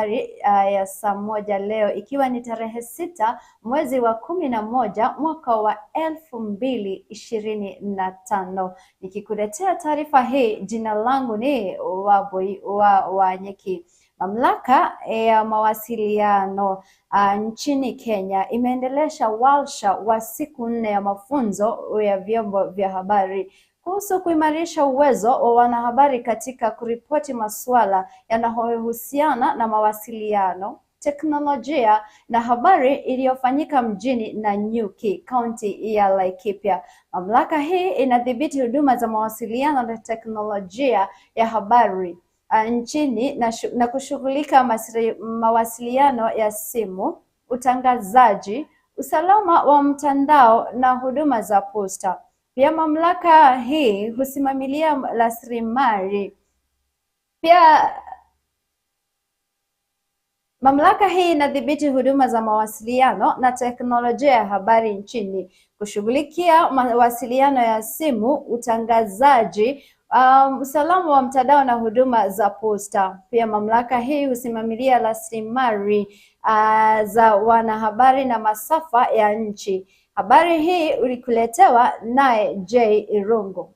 habari uh, ya saa moja leo ikiwa ni tarehe sita mwezi wa kumi na moja mwaka wa elfu mbili ishirini na tano. Nikikuletea taarifa hii, jina langu ni Wabui wa Wanyeki. Mamlaka eh, ya mawasiliano uh, nchini Kenya imeendelesha warsha wa siku nne ya mafunzo ya vyombo vya habari kuhusu kuimarisha uwezo wa wanahabari katika kuripoti masuala yanayohusiana na mawasiliano, teknolojia na habari iliyofanyika mjini Nanyuki, kaunti ya Laikipia. Mamlaka hii inadhibiti huduma za mawasiliano na teknolojia ya habari nchini na, na kushughulika mawasiliano ya simu, utangazaji, usalama wa mtandao na huduma za posta. Pia mamlaka hii husimamilia rasilimali. Pia mamlaka hii inadhibiti huduma za mawasiliano na teknolojia ya habari nchini, kushughulikia mawasiliano ya simu, utangazaji um, usalama wa mtandao na huduma za posta. Pia mamlaka hii husimamilia rasilimali uh, za wanahabari na masafa ya nchi. Habari hii ulikuletewa naye J Irungu.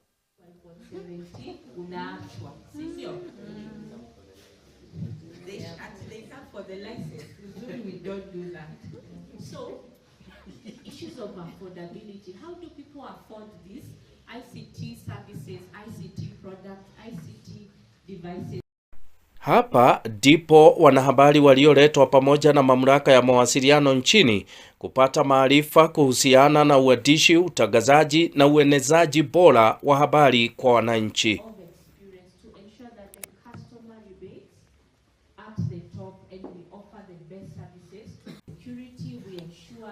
Hapa ndipo wanahabari walioletwa pamoja na mamlaka ya mawasiliano nchini kupata maarifa kuhusiana na uandishi, utangazaji na uenezaji bora wa habari kwa wananchi.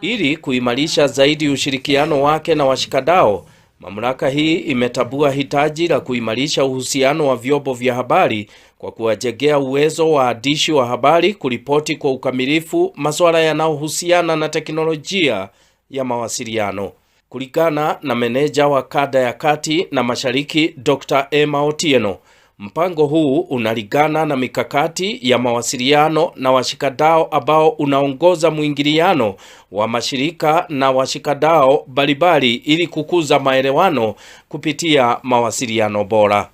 Ili kuimarisha zaidi ushirikiano wake na washikadao, mamlaka hii imetambua hitaji la kuimarisha uhusiano wa vyombo vya habari kwa kuwajengea uwezo waandishi wa habari kuripoti kwa ukamilifu masuala yanayohusiana na teknolojia ya mawasiliano. Kulingana na meneja wa kada ya kati na mashariki Dr. Emma Otieno, mpango huu unalingana na mikakati ya mawasiliano na washikadao ambao unaongoza mwingiliano wa mashirika na washikadao mbalimbali ili kukuza maelewano kupitia mawasiliano bora.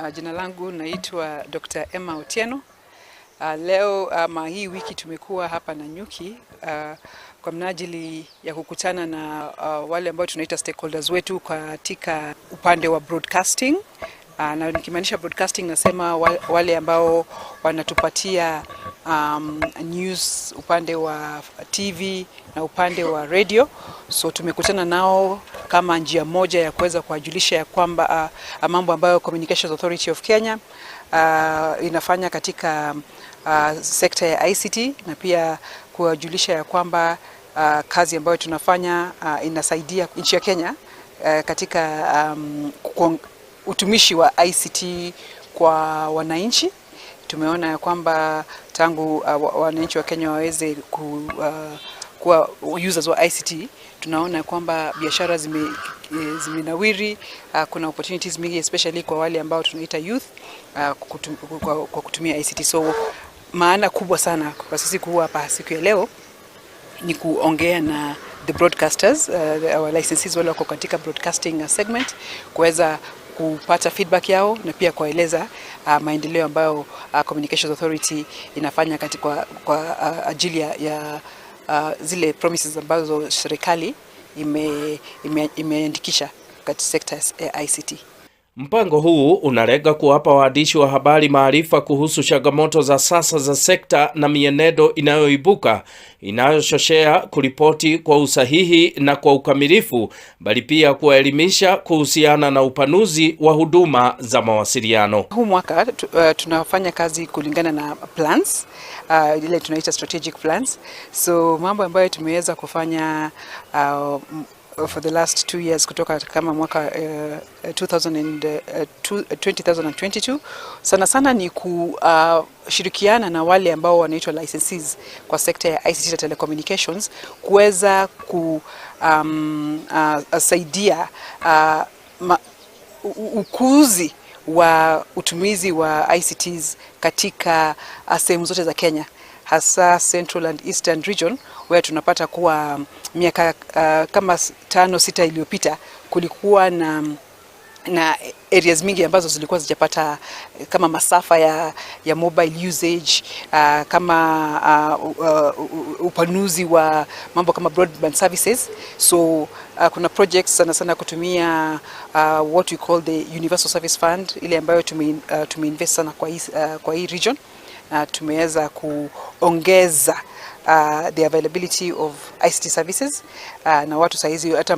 Uh, jina langu naitwa Dr. Emma Otieno. Uh, leo ama ah, hii wiki tumekuwa hapa Nanyuki uh, kwa mnajili ya kukutana na uh, wale ambao tunaita stakeholders wetu katika upande wa broadcasting uh, na nikimaanisha broadcasting nasema wale ambao wanatupatia um, news upande wa TV na upande wa radio. So tumekutana nao kama njia moja ya kuweza kuwajulisha ya kwamba uh, mambo ambayo Communications Authority of Kenya uh, inafanya katika uh, sekta ya ICT na pia kuwajulisha ya kwamba uh, kazi ambayo tunafanya uh, inasaidia nchi ya Kenya uh, katika um, utumishi wa ICT kwa wananchi. Tumeona ya kwamba tangu uh, wananchi wa Kenya waweze ku, uh, kuwa users wa ICT, tunaona kwamba biashara zime eh, zimenawiri. Uh, kuna opportunities mingi especially kwa wale ambao tunaita youth uh, kwa, kwa kutumia ICT. So maana kubwa sana kwa sisi kuwa hapa siku ya leo ni kuongea na the broadcasters uh, our licensees wale wako katika broadcasting segment kuweza kupata feedback yao na pia kuwaeleza uh, maendeleo ambayo uh, Communications Authority inafanya katika kwa, kwa uh, ajili ya uh, zile promises ambazo serikali imeandikisha ime, ime katika sekta ya ICT. Mpango huu unalenga kuwapa waandishi wa habari maarifa kuhusu changamoto za sasa za sekta na mienendo inayoibuka inayochochea kuripoti kwa usahihi na kwa ukamilifu, bali pia kuwaelimisha kuhusiana na upanuzi wa huduma za mawasiliano. Huu mwaka uh, uh, tunafanya kazi kulingana na plans uh, ile tunaita strategic plans, so mambo ambayo tumeweza kufanya uh, for the last two years kutoka kama mwaka uh, eh, 2022 eh, eh, sana sana ni kushirikiana ah, na wale ambao wanaitwa licensees kwa sekta ya ICT na telecommunications kuweza kusaidia um, uh, uh, ukuzi wa utumizi wa ICTs katika sehemu zote za Kenya hasa Central and Eastern Region where tunapata kuwa mm, miaka uh, kama tano sita iliyopita kulikuwa na mm, na areas mingi ambazo zilikuwa zijapata eh, kama masafa ya, ya mobile usage uh, kama uh, uh, upanuzi wa mambo kama broadband services. So uh, kuna projects sana sana kutumia uh, what we call the Universal Service Fund ile ambayo uh, tumeinvest uh, tume sana kwa hii uh, kwa hii region na ah, tumeweza kuongeza Uh, the availability of ICT services uh, na watu sahizi hata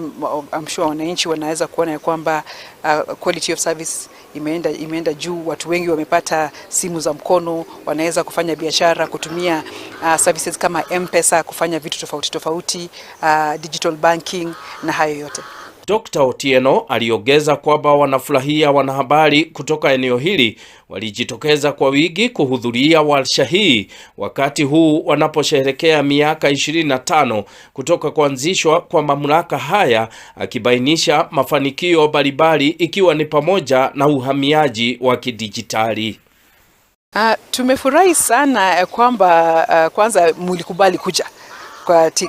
I'm sure wananchi wanaweza kuona ya kwamba uh, quality of service imeenda, imeenda juu. Watu wengi wamepata simu za mkono, wanaweza kufanya biashara kutumia uh, services kama M-Pesa kufanya vitu tofauti tofauti, uh, digital banking na hayo yote. Dr. Otieno aliongeza kwamba wanafurahia wanahabari kutoka eneo hili walijitokeza kwa wingi kuhudhuria warsha hii wakati huu wanaposherehekea miaka 25 kutoka kuanzishwa kwa mamlaka haya, akibainisha mafanikio mbalimbali ikiwa ni pamoja na uhamiaji wa kidijitali. Uh, tumefurahi sana kwamba uh, kwanza mlikubali kuja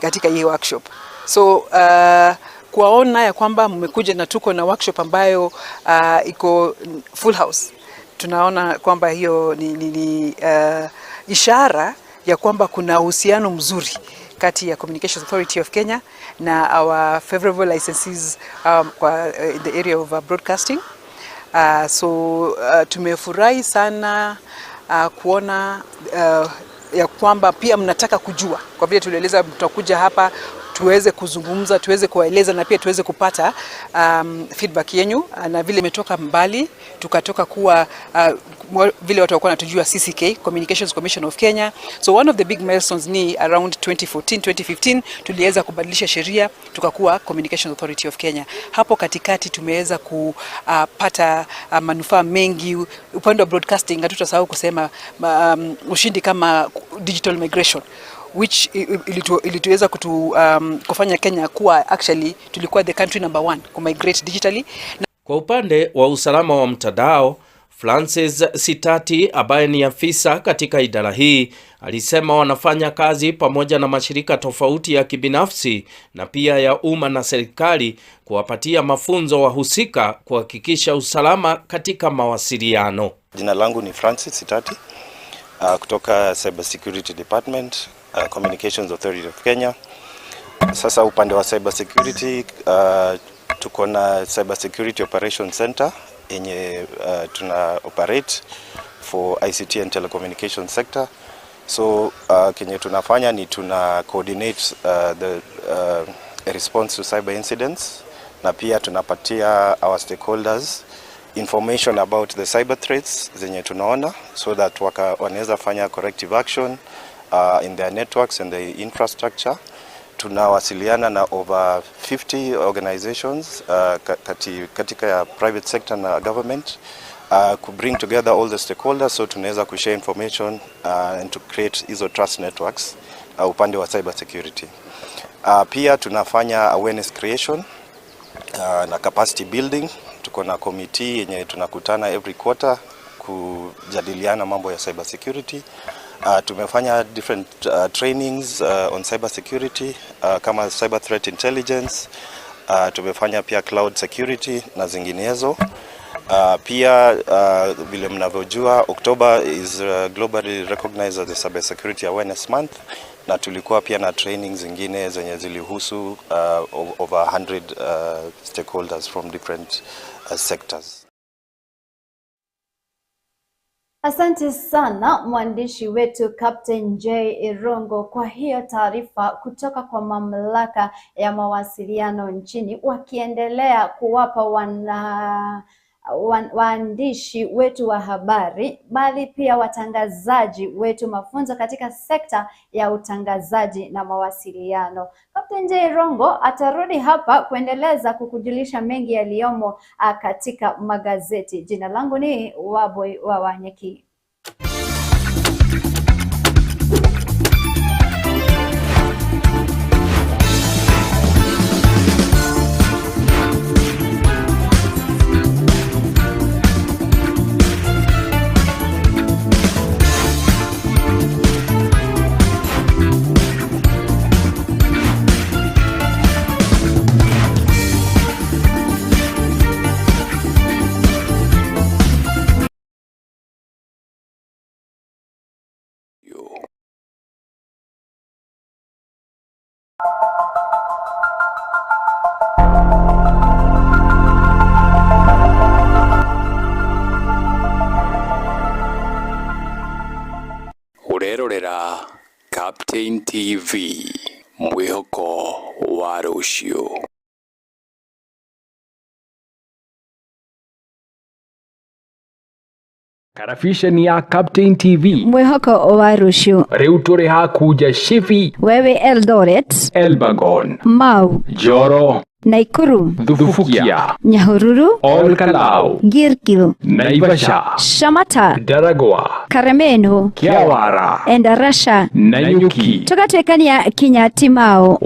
katika hii workshop so uh, kuwaona ya kwamba mmekuja na tuko na workshop ambayo uh, iko full house. Tunaona kwamba hiyo ni, ni, ni uh, ishara ya kwamba kuna uhusiano mzuri kati ya Communications Authority of Kenya na our favorable licenses um, kwa uh, in the area of uh, broadcasting uh, so uh, tumefurahi sana uh, kuona uh, ya kwamba pia mnataka kujua, kwa vile tulieleza, mtakuja hapa tuweze kuzungumza, tuweze kuwaeleza na pia tuweze kupata um, feedback yenu, ah, na vile imetoka mbali tukatoka kuwa uh, vile watu walikuwa wanatujua CCK, Communications Commission of Kenya. So one of the big milestones ni around 2014 2015 tuliweza kubadilisha sheria tukakuwa Communication Authority of Kenya. Hapo katikati tumeweza kupata ah, uh, uh, manufaa mengi upande wa broadcasting. Hatutasahau kusema um, ushindi kama digital migration which ilituweza kutu, um, kufanya Kenya kuwa actually tulikuwa the country number one kumigrate digitally. Kwa upande wa usalama wa mtandao, Francis Sitati ambaye ni afisa katika idara hii alisema wanafanya kazi pamoja na mashirika tofauti ya kibinafsi na pia ya umma na serikali kuwapatia mafunzo wahusika kuhakikisha usalama katika mawasiliano. Jina langu ni Francis Sitati, uh, kutoka Cyber Security Department uh, Communications Authority of Kenya. Sasa upande wa cyber security uh, tuko na cyber security operation center yenye uh, tuna operate for ICT and telecommunication sector so uh, kenye tunafanya ni tuna coordinate uh, the uh, response to cyber incidents na pia tunapatia our stakeholders information about the cyber threats zenye tunaona so that wanaweza fanya corrective action uh, in their networks and the infrastructure. Tunawasiliana na over 50 organizations uh, kati, katika ya private sector na government uh, ku bring together all the stakeholders so tunaweza kushare information uh, and to create hizo trust networks uh, upande wa cyber security. Uh, pia tunafanya awareness creation uh, na capacity building. Tuko na committee yenye tunakutana every quarter kujadiliana mambo ya cyber security. Uh, tumefanya different uh, trainings uh, on cyber security uh, kama cyber threat intelligence uh, tumefanya pia cloud security na zinginezo uh, pia uh, vile mnavyojua October is uh, globally recognized as the cyber security awareness month na tulikuwa pia na training zingine zenye zilihusu uh, over 100 uh, stakeholders from different uh, sectors Asante sana mwandishi wetu Captain J Irongo kwa hiyo taarifa kutoka kwa mamlaka ya mawasiliano nchini, wakiendelea kuwapa wana waandishi wetu wa habari bali pia watangazaji wetu mafunzo katika sekta ya utangazaji na mawasiliano. Dr. Njai Rongo atarudi hapa kuendeleza kukujulisha mengi yaliyomo ah, katika magazeti. Jina langu ni Waboi wa Wanyeki. NTV mwihoko wa rũciũ Karabisheni ya Captain TV mwĩhoko wa rũciũ rĩu tũrĩ hakunja Chibi, wewe Eldoret, Elbagon, Mau, joro Naikuru, Dufukia, Nyahururu, Olkalau, Gilgil, Naivasha, Shamata, Daragwa, Karameno, Kiawara, Endarasha, Nanyuki. Tugatwikania kinya Timao.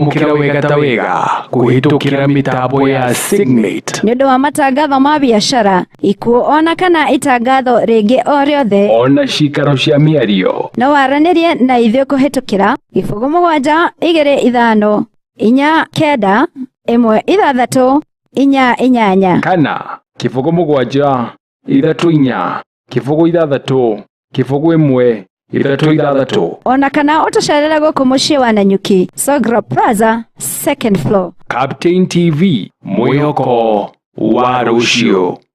Mukira wega ta wega kuhitukira mitambo ya Signet. Nyodo undu wa matangatho ma biashara ikuo ona kana itangatho Rege o riothe ona cikaro cia miario no waranirie na ithuĩ kũhĩtũkĩra Ifugumu Waja, igĩrĩ ithano inya kenda ĩmwe ithathatũ inya inyanya kana kĩbũgũ mũgwanja ithatũ inya kĩbũgũ ithathatũ kĩbũgũ ĩmwe ithatũ ithathatũ ona kana ũtũcerere gũkũ mũciĩ wa nanyuki sogra plaza second floor captain tv mwĩhoko wa rũciũ